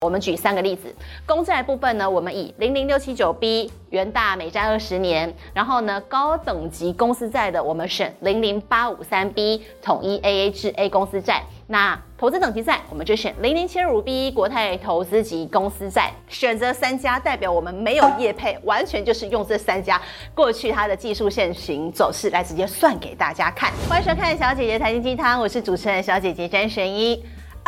我們舉三個例子，公債部分呢，我們以零零六七九 B 元大美債二十年，然後呢高等級公司債的我們選零零八五三 B 統一 AA 至 A 公司債，那投資等級債我們就選零零七二五 B 國泰投資級公司債，選擇三家代表我們沒有業配，完全就是用這三家過去它的技術線型走勢來直接算給大家看。歡迎收看小姐姐財經雞湯，我是主持人小姐姐詹璇依。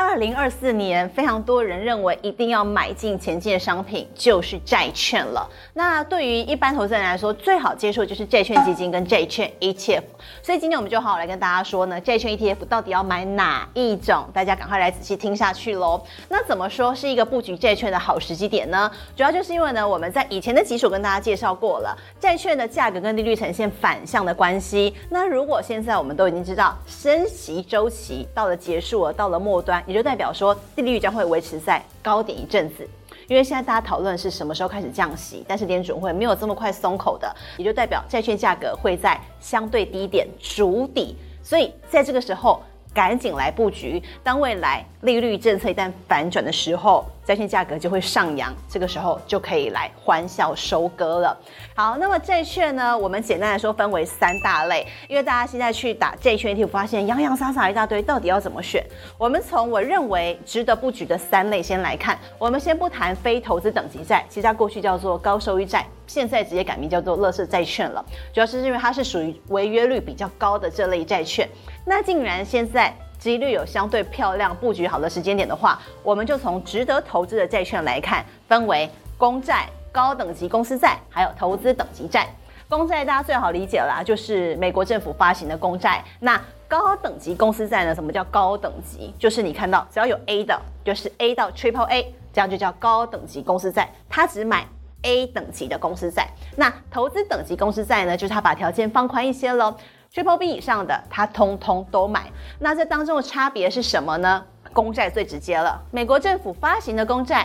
二零二四年，非常多人認為一定要買進前進的商品就是債券了。那對於一般投資人來說，最好接觸的就是債券基金跟債券 ETF。所以今天我們就好好來跟大家說呢，債券 ETF 到底要買哪一種？大家趕快來仔細聽下去嘍。那怎麼說是一個布局債券的好時機點呢？主要就是因為呢，我們在以前的基礎跟大家介紹過了，債券的價格跟利率呈現反向的關係。那如果現在我們都已經知道升息周期到了結束了，到了末端。也就代表說，利率將會維持在高點一陣子，因為現在大家討論是什麼時候開始降息，但是聯準會沒有這麼快鬆口的，也就代表債券價格會在相對低點築底，所以在這個時候。趕緊來佈局，當未來利率政策一旦反轉的時候，債券價格就會上揚，這個時候就可以來歡笑收割了。好，那麼債券呢？我們簡單來說分為三大類，因為大家現在去打債券 ETF，你發現洋洋灑灑一大堆，到底要怎麼選？我們從我認為值得布局的三類先來看，我們先不談非投資等級債，其實它過去叫做高收益債。現在直接改名叫做垃圾債券了，主要是因為它是屬於違約率比較高的這類債券。那既然現在幾率有相對漂亮布局好的時間點的話，我們就從值得投資的債券來看，分為公債、高等級公司債，還有投資等級債。公債大家最好理解啦、啊，就是美國政府發行的公債。那高等級公司債呢？什麼叫高等級？就是你看到只要有 A 的，就是 A 到 Triple A，這樣就叫高等級公司債。它只買，A 等級的公司債，那投資等級公司債呢？就是他把條件放寬一些嘍，Triple B 以上的他通通都買。那這當中的差別是什麼呢？公債最直接了，美國政府發行的公債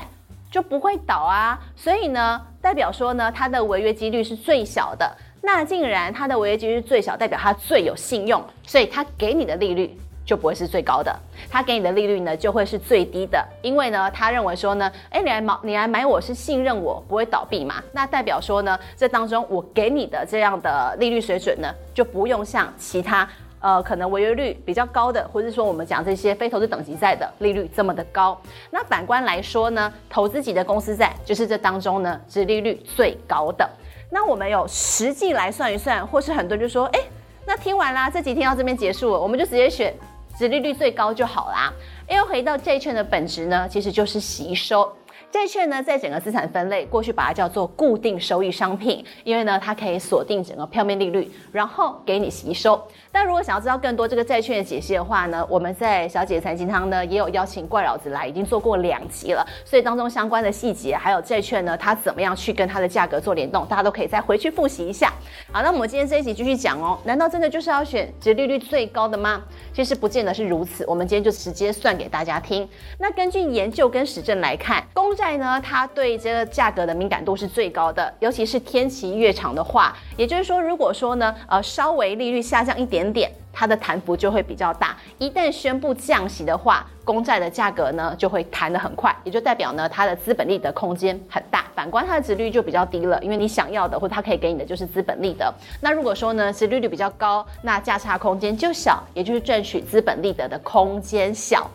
就不會倒啊，所以呢，代表說呢，它的違約幾率是最小的。那既然它的違約幾率最小，代表它最有信用，所以它給你的利率。就不會是最高的，他給你的利率呢就會是最低的，因為呢他認為說呢，誒、欸，你來買你來買我是信任我不會倒閉嘛，那代表說呢這當中我給你的這樣的利率水準呢就不用像其他呃可能違約率比較高的，或是說我們講這些非投資等級債的利率這麼的高，那反觀來說呢，投資級的公司債就是這當中呢，殖利率最高的，那我們有實際來算一算，或是很多人就說，哎、欸，那聽完啦，這集聽到這邊結束了，我們就直接選。殖利率最高就好啦。因為回到債券的本質呢，其實就是吸收。債券呢，在整個資產分類過去把它叫做固定收益商品，因為呢，它可以鎖定整個票面利率，然後給你吸收。但如果想要知道更多這個債券的解析的話呢，我們在小姐財經堂呢也有邀請怪老子來，已經做過兩集了，所以當中相關的細節還有債券呢，它怎麼樣去跟它的價格做聯動，大家都可以再回去復習一下。好，那我們今天這一集繼續講哦，難道真的就是要選殖利率最高的嗎？其實不見得是如此。我們今天就直接算給大家聽。那根據研究跟實證來看，公債。債呢，它對這個價格的敏感度是最高的，尤其是天期越長的話，也就是說，如果說呢，呃，稍微利率下降一點點，它的彈幅就會比較大。一旦宣布降息的話，公債的價格呢就會彈得很快，也就代表呢它的資本利得空間很大。反觀它的殖利率就比較低了，因為你想要的或它可以給你的就是資本利得。那如果說呢殖利率、率比較高，那價差空間就小，也就是賺取資本利得的空間小。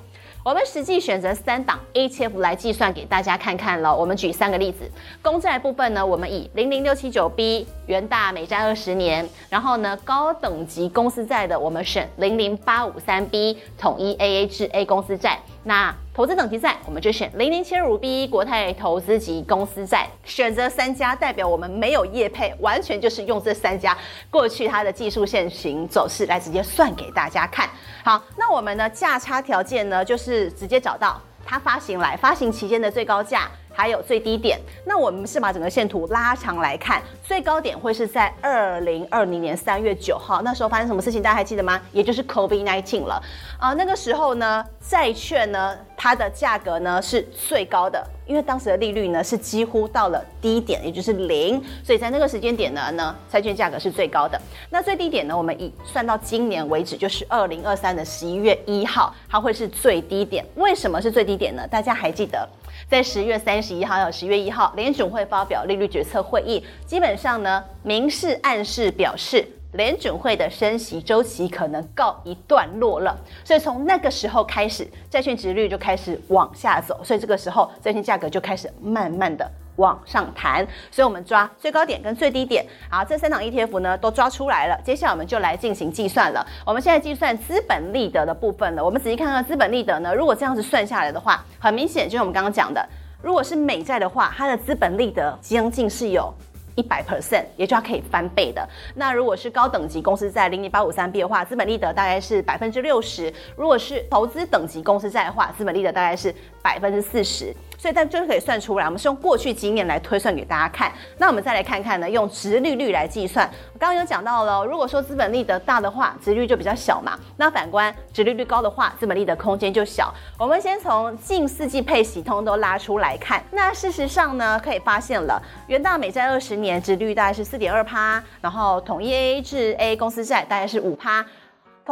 我們實際選擇三檔 ETF 來計算給大家看看了。我們舉三個例子，公債部分呢，我們以零零六七九 B 元大美債二十年，然後呢，高等級公司債的，我們選零零八五三 B 統一 A A 至 A 公司債。那投資等級債，我們就選零零七五 B 國泰投資級公司債。選擇三家代表我們沒有業配，完全就是用這三家過去它的技術線型走勢來直接算給大家看。好，那我們呢，價差條件呢，就是直接找到它發行來發行期間的最高價。還有最低點，那我們是把整個線圖拉長來看，最高點會是在二零二零年三月九號，那時候發生什麼事情大家還記得嗎？也就是 COVID-19 了啊、呃，那個時候呢，債券呢，它的價格呢是最高的，因為當時的利率呢是幾乎到了低點，也就是零，所以在那個時間點呢，呢債券價格是最高的。那最低點呢，我們以算到今年為止就是二零二三年的十一月一號，它會是最低點。為什麼是最低點呢？大家還記得？在十月三十一號還有十月一號，聯準會發表利率決策會議，基本上呢，明示暗示表示，聯準會的升息週期可能告一段落了，所以從那個時候開始，債券殖利率就開始往下走，所以這個時候債券價格就開始慢慢的。往上彈，所以我們抓最高點跟最低點。好，這三檔 ETF 呢都抓出來了，接下來我們就來進行計算了。我們現在計算資本利得的部分了。我們仔細看看資本利得呢，如果這樣子算下來的話，很明顯就是我們剛剛講的，如果是美債的話，它的資本利得將近是有一百 percent，也就它可以翻倍的。那如果是高等級公司債零點八五三 B 的話，資本利得大概是百分之六十，如果是投資等級公司債的話，資本利得大概是百分之四十。所以，但就可以算出來，我們是用過去幾年來推算給大家看。那我們再來看看呢，用殖利率來計算。剛剛有講到了，如果說資本利得大的話，殖利率就比較小嘛。那反觀殖利率高的話，資本利得空間就小。我們先從近四季配息通都拉出來看。那事實上呢，可以發現了，元大美債二十年殖利率大概是四點二趴，然後統一 AA 至 AA 公司債大概是五趴。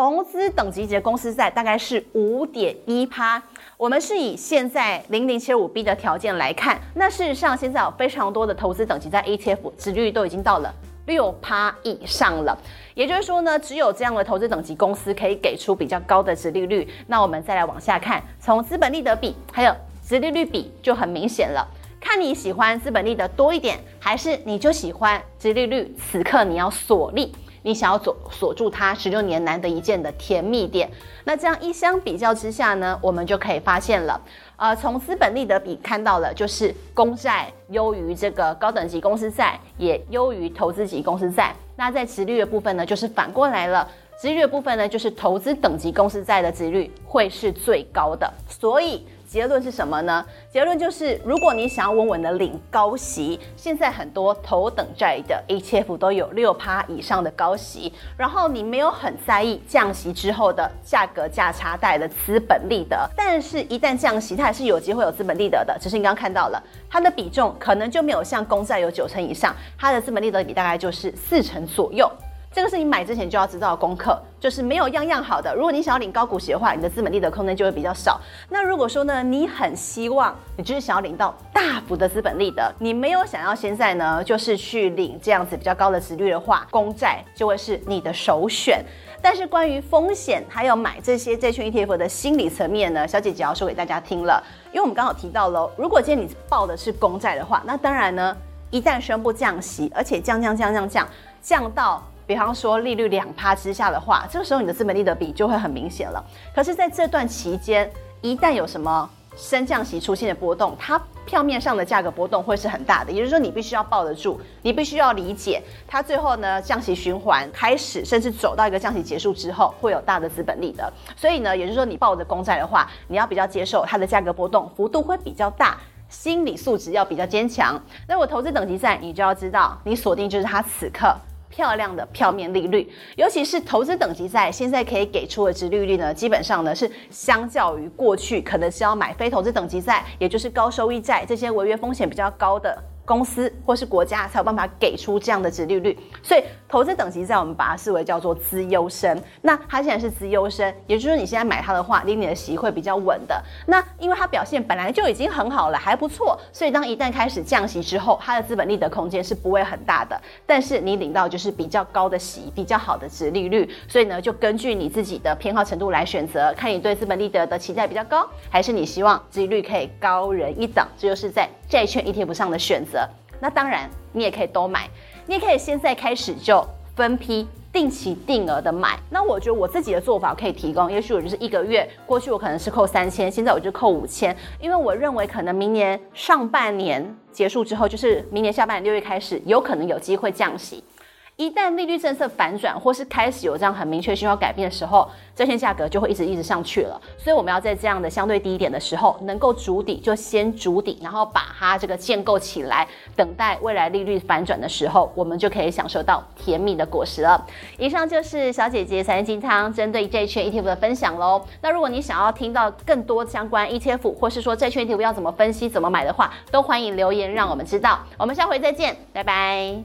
投資等級級公司債大概是五點一趴，我們是以現在零零七五 B 的條件來看，那事實上現在有非常多的投資等級債 ETF，殖利率都已經到了六趴以上了，也就是說呢，只有這樣的投資等級公司可以給出比較高的殖利率。那我們再來往下看，從資本利得比還有殖利率比就很明顯了，看你喜歡資本利得多一點，還是你就喜歡殖利率，此刻你要鎖利。你想要鎖鎖住它十六年難得一見的甜蜜點，那這樣一相比較之下呢，我們就可以發現了，呃，從資本利得比看到了，就是公債優於這個高等級公司債，也優於投資級公司債。那在殖利率的部分呢，就是反過來了，殖利率的部分呢，就是投資等級公司債的殖率會是最高的，所以。結論是什麼呢？結論就是，如果你想要穩穩的領高息，現在很多投等債的 ETF 都有六趴以上的高息，然後你沒有很在意降息之後的價格價差帶來的資本利得，但是，一旦降息，它還是有機會有資本利得的。只是你剛剛看到了，它的比重可能就沒有像公債有九成以上，它的資本利得比大概就是四成左右。這個是你買之前就要知道的功課，就是沒有樣樣好的。如果你想要領高股息的話，你的資本利得空間就會比較少。那如果說呢，你很希望，你就是想要領到大幅的資本利得，你沒有想要現在呢，就是去領這樣子比較高的殖率的話，公債就會是你的首選。但是關於風險還有買這些債券 ETF 的心理層面呢，小姐姐要說給大家聽了。因為我們剛好提到嘍，如果今天你報的是公債的話，那當然呢，一旦宣布降息，而且降降降降降降到。比方說利率兩趴之下的話，這個時候你的資本利得比就會很明顯了。可是，在這段期間，一旦有什麼升降息出現的波動，它票面上的價格波動會是很大的。也就是說，你必須要抱得住，你必須要理解它最後呢降息循環開始，甚至走到一個降息結束之後，會有大的資本利得。所以呢，也就是說你抱着公債的話，你要比較接受它的價格波動幅度會比較大，心理素質要比較堅強。那我投資等級債，你就要知道，你鎖定就是它此刻。漂亮的票面利率，尤其是投資等級債，現在可以給出的殖利率呢，基本上呢是相較於過去，可能是要買非投資等級債，也就是高收益債，這些違約風險比較高的公司或是國家，才有辦法給出這樣的殖利率，所以。投資等級在我們把它視為叫做資優生，那它現在是資優生，也就是說你現在買它的話，領你的息會比較穩的。那因為它表現本來就已經很好了，還不錯，所以當一旦開始降息之後，它的資本利得空間是不會很大的。但是你領到就是比較高的息，比較好的殖利率，所以呢，就根據你自己的偏好程度來選擇，看你對資本利得的期待比較高，還是你希望殖利率可以高人一等，這就是在債券 ETF 上的選擇。那當然你也可以多買。你也可以現在開始就分批、定期、定額的買。那我覺得我自己的做法可以提供，也許我就是一個月過去，我可能是扣三千，現在我就扣五千，因為我認為可能明年上半年結束之後，就是明年下半年六月開始，有可能有機會降息。一旦利率政策反轉，或是開始有這樣很明確需要改變的時候，債券價格就會一直一直上去了。所以我們要在這樣的相對低一點的時候，能夠築底就先築底，然後把它這個建構起來，等待未來利率反轉的時候，我們就可以享受到甜蜜的果實了。以上就是小姐姐財經湯針對債券 ETF 的分享嘍。那如果你想要聽到更多相關 ETF 或是說債券 ETF 要怎麼分析、怎麼買的話，都歡迎留言讓我們知道。我們下回再見，拜拜。